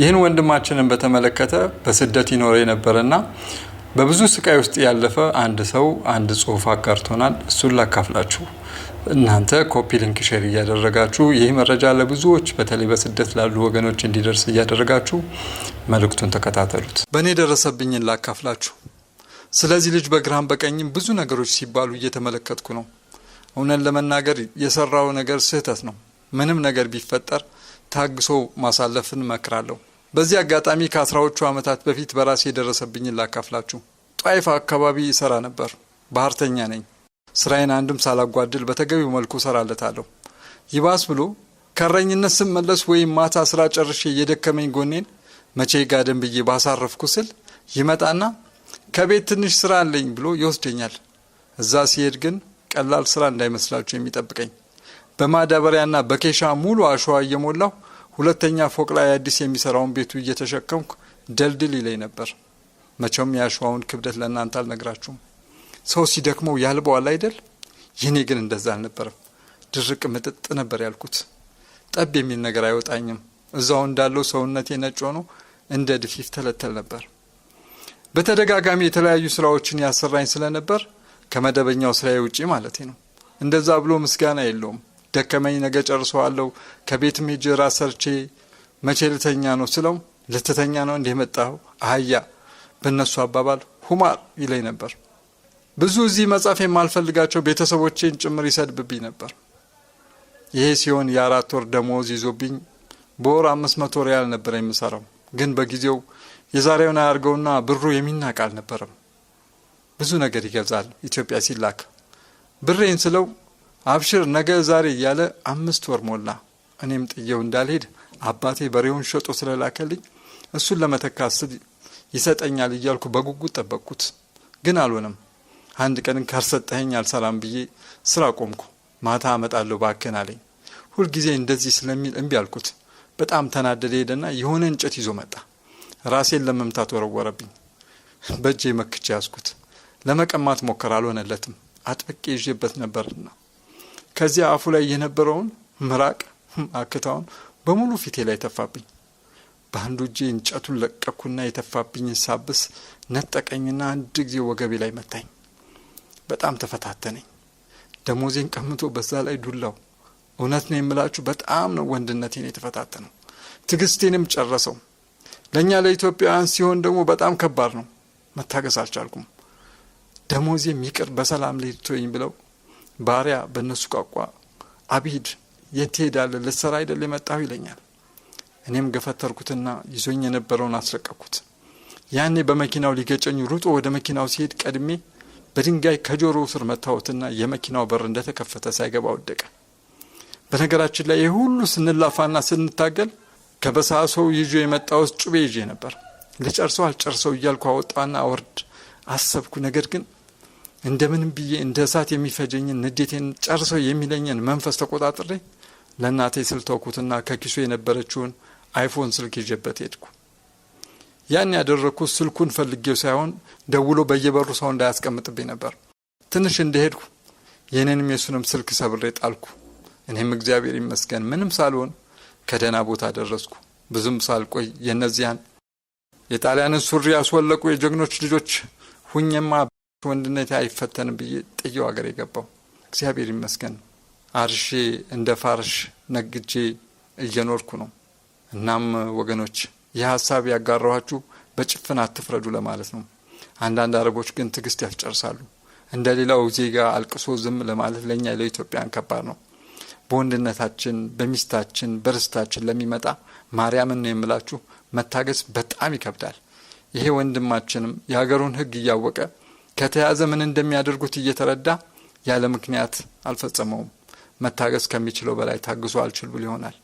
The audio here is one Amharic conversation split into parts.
ይህን ወንድማችንን በተመለከተ በስደት የነበረ የነበረና በብዙ ስቃይ ውስጥ ያለፈ አንድ ሰው አንድ ጽሁፍ አጋርቶናል። እሱን ላካፍላችሁ። እናንተ ኮፒ ሊንክ ሼር እያደረጋችሁ ይህ መረጃ ለብዙዎች በተለይ በስደት ላሉ ወገኖች እንዲደርስ እያደረጋችሁ መልእክቱን ተከታተሉት። በእኔ የደረሰብኝን ላካፍላችሁ። ስለዚህ ልጅ በግራም በቀኝም ብዙ ነገሮች ሲባሉ እየተመለከትኩ ነው። እውነን ለመናገር የሰራው ነገር ስህተት ነው። ምንም ነገር ቢፈጠር ታግሶ ማሳለፍን መክራለሁ። በዚህ አጋጣሚ ከአስራዎቹ ዓመታት በፊት በራሴ የደረሰብኝን ላካፍላችሁ። ጧይፍ አካባቢ ይሰራ ነበር። ባህርተኛ ነኝ። ስራዬን አንድም ሳላጓድል በተገቢው መልኩ እሰራለታለሁ። ይባስ ብሎ ከረኝነት ስመለስ ወይም ማታ ስራ ጨርሼ እየደከመኝ ጎኔን መቼ ጋደን ብዬ ባሳረፍኩ ስል ይመጣና ከቤት ትንሽ ስራ አለኝ ብሎ ይወስደኛል። እዛ ሲሄድ ግን ቀላል ስራ እንዳይመስላችሁ የሚጠብቀኝ በማዳበሪያና በኬሻ ሙሉ አሸዋ እየሞላሁ ሁለተኛ ፎቅ ላይ አዲስ የሚሰራውን ቤቱ እየተሸከምኩ ደልድል ይለኝ ነበር። መቼም የአሸዋውን ክብደት ለእናንተ አልነግራችሁም። ሰው ሲደክመው ያልበዋል አይደል? የኔ ግን እንደዛ አልነበረም። ድርቅ ምጥጥ ነበር ያልኩት። ጠብ የሚል ነገር አይወጣኝም። እዛው እንዳለው ሰውነቴ ነጭ ሆኖ እንደ ድፊፍ ተለተል ነበር። በተደጋጋሚ የተለያዩ ስራዎችን ያሰራኝ ስለነበር ከመደበኛው ስራዬ ውጪ ማለቴ ነው። እንደዛ ብሎ ምስጋና የለውም። ደከመኝ፣ ነገ ጨርሰዋለሁ፣ ከቤት ሄጄ ራስ ሰርቼ መቼ ልተኛ ነው ስለው ልትተኛ ነው እንዲህ የመጣው አህያ፣ በእነሱ አባባል ሁማር ይለኝ ነበር። ብዙ እዚህ መጻፍ የማልፈልጋቸው ቤተሰቦቼን ጭምር ይሰድብብኝ ነበር። ይሄ ሲሆን የአራት ወር ደሞዝ ይዞብኝ በወር አምስት መቶ ሪያል ነበር የምሰራው። ግን በጊዜው የዛሬውን አያርገውና ብሩ የሚናቅ አልነበረም። ብዙ ነገር ይገዛል ኢትዮጵያ ሲላክ ብሬን ስለው አብሽር ነገ ዛሬ እያለ አምስት ወር ሞላ። እኔም ጥየው እንዳልሄድ አባቴ በሬውን ሸጦ ስለላከልኝ እሱን ለመተካት ስል ይሰጠኛል እያልኩ በጉጉት ጠበቅኩት፣ ግን አልሆነም። አንድ ቀን ካልሰጠኸኝ አልሰራም ብዬ ስራ ቆምኩ። ማታ አመጣለሁ ባክን አለኝ። ሁልጊዜ እንደዚህ ስለሚል እምቢ አልኩት። በጣም ተናደደ። ሄደና የሆነ እንጨት ይዞ መጣ። ራሴን ለመምታት ወረወረብኝ። በእጄ መክቼ ያዝኩት። ለመቀማት ሞከር፣ አልሆነለትም። አጥብቄ ይዤበት ነበርና ከዚያ አፉ ላይ የነበረውን ምራቅ አክታውን በሙሉ ፊቴ ላይ ተፋብኝ። በአንዱ እጄ እንጨቱን ለቀኩና የተፋብኝን ሳብስ ነጠቀኝና አንድ ጊዜ ወገቤ ላይ መታኝ። በጣም ተፈታተነኝ። ደሞዜን ቀምቶ በዛ ላይ ዱላው። እውነት ነው የምላችሁ፣ በጣም ነው ወንድነቴን የተፈታተነው። ትዕግስቴንም ጨረሰው። ለእኛ ለኢትዮጵያውያን ሲሆን ደግሞ በጣም ከባድ ነው። መታገስ አልቻልኩም። ደሞዜም ይቅር በሰላም ሊቶኝ ብለው ባሪያ በእነሱ ቋቋ አብሂድ የት ትሄዳለህ? ልትሰራ አይደል የመጣሁ ይለኛል። እኔም ገፈተርኩትና ይዞኝ የነበረውን አስረቀኩት ያኔ በመኪናው ሊገጨኝ ሩጦ ወደ መኪናው ሲሄድ ቀድሜ በድንጋይ ከጆሮ ስር መታወትና የመኪናው በር እንደተከፈተ ሳይገባ ወደቀ። በነገራችን ላይ ይህ ሁሉ ስንላፋና ስንታገል ከበሳሶው ይዞ የመጣ ውስጥ ጩቤ ይዤ ነበር። ልጨርሰው አልጨርሰው እያልኩ አወጣና አወርድ አሰብኩ። ነገር ግን እንደምንም ብዬ እንደ እሳት የሚፈጀኝን ንዴቴን ጨርሶ የሚለኝን መንፈስ ተቆጣጥሬ ለእናቴ ስል ተውኩትና ከኪሱ የነበረችውን አይፎን ስልክ ይዤበት ሄድኩ። ያን ያደረግኩት ስልኩን ፈልጌው ሳይሆን ደውሎ በየበሩ ሰው እንዳያስቀምጥብኝ ነበር። ትንሽ እንደሄድኩ የእኔንም የሱንም ስልክ ሰብሬ ጣልኩ። እኔም እግዚአብሔር ይመስገን ምንም ሳልሆን ከደህና ቦታ ደረስኩ። ብዙም ሳልቆይ የእነዚያን የጣሊያንን ሱሪ ያስወለቁ የጀግኖች ልጆች ሁኝማ ወንድነት አይፈተንም ብዬ ጥየው ሀገር የገባው እግዚአብሔር ይመስገን አርሼ እንደ ፋርሽ ነግጄ እየኖርኩ ነው። እናም ወገኖች ይህ ሀሳብ ያጋራኋችሁ በጭፍን አትፍረዱ ለማለት ነው። አንዳንድ አረቦች ግን ትዕግስት ያስጨርሳሉ። እንደ ሌላው ዜጋ አልቅሶ ዝም ለማለት ለእኛ ለኢትዮጵያን ከባድ ነው። በወንድነታችን፣ በሚስታችን፣ በርስታችን ለሚመጣ ማርያምን ነው የምላችሁ መታገስ በጣም ይከብዳል። ይሄ ወንድማችንም የሀገሩን ሕግ እያወቀ ከተያዘ ምን እንደሚያደርጉት እየተረዳ ያለ ምክንያት አልፈጸመውም። መታገስ ከሚችለው በላይ ታግሶ አልችል ብሎ ይሆናል።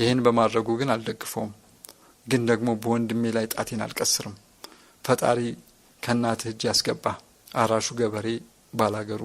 ይህን በማድረጉ ግን አልደግፈውም። ግን ደግሞ በወንድሜ ላይ ጣቴን አልቀስርም። ፈጣሪ ከእናትህ እጅ ያስገባ፣ አራሹ ገበሬ ባላገሩ